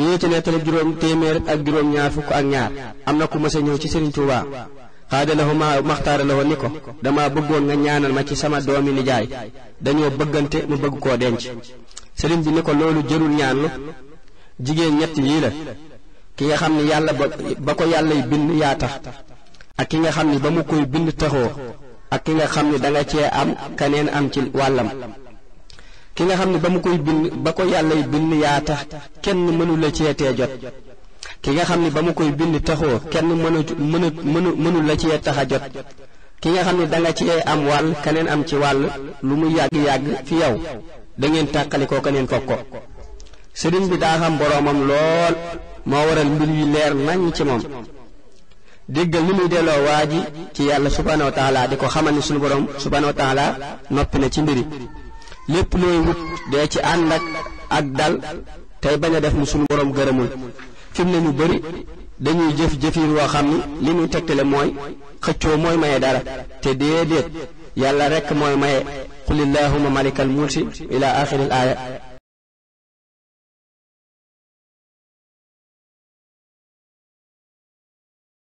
ñu ñëw ci nettali juróom téeméer ak juróom ñaar fukk ak ñaar am na ku mas a ñëw ci Sëriñ Tuubaa xaada lahu ma maxtaara lahu ni ko dama bëggoon nga ñaanal ma ci sama doomi nijaay dañoo bëggante mu bëgg koo denc sëriñ bi ni ko loolu jërul ñaan lu jigéen ñett yii la ki nga xam ne yàlla ba ba ko yàllay bind yaa tax ak ki nga xam ni ba mu koy bind taxoo ak ki nga xam ne danga cee am kaneen am ci wàllam ki nga xam ne ba mu koy bind ba ko yàllay yi bind yaa tax kenn mënu la ceetee jot ki nga xam ni ba mu koy bind taxoo kenn mënu mënu mënu mënu la cee tax a jot ki nga xam ne da nga cee am wàll keneen am ci wàll lu mu yàgg-yàgg fi yow da ngeen tàqali ko keneen foog ko sëriñ bi daa xam boroomam lool moo waral mbir yu leer nañ ci moom déggal ni muy delloo waa ji ci yàlla subhaanahu wa taala di ko xamal ni sunu borom subhaanahu wa taala noppi na ci mbiri lépp looy wut dee ci ànd ak ak dal tey bañ a def mu sunu borom gërëmul fi mu ne ñu bëri dañuy jëf jëfiin woo xam ni li ñu tegtale mooy xëccoo mooy maye dara te déedéet yàlla rekk mooy maye qul illahuma malikal mulki ila axiril aaya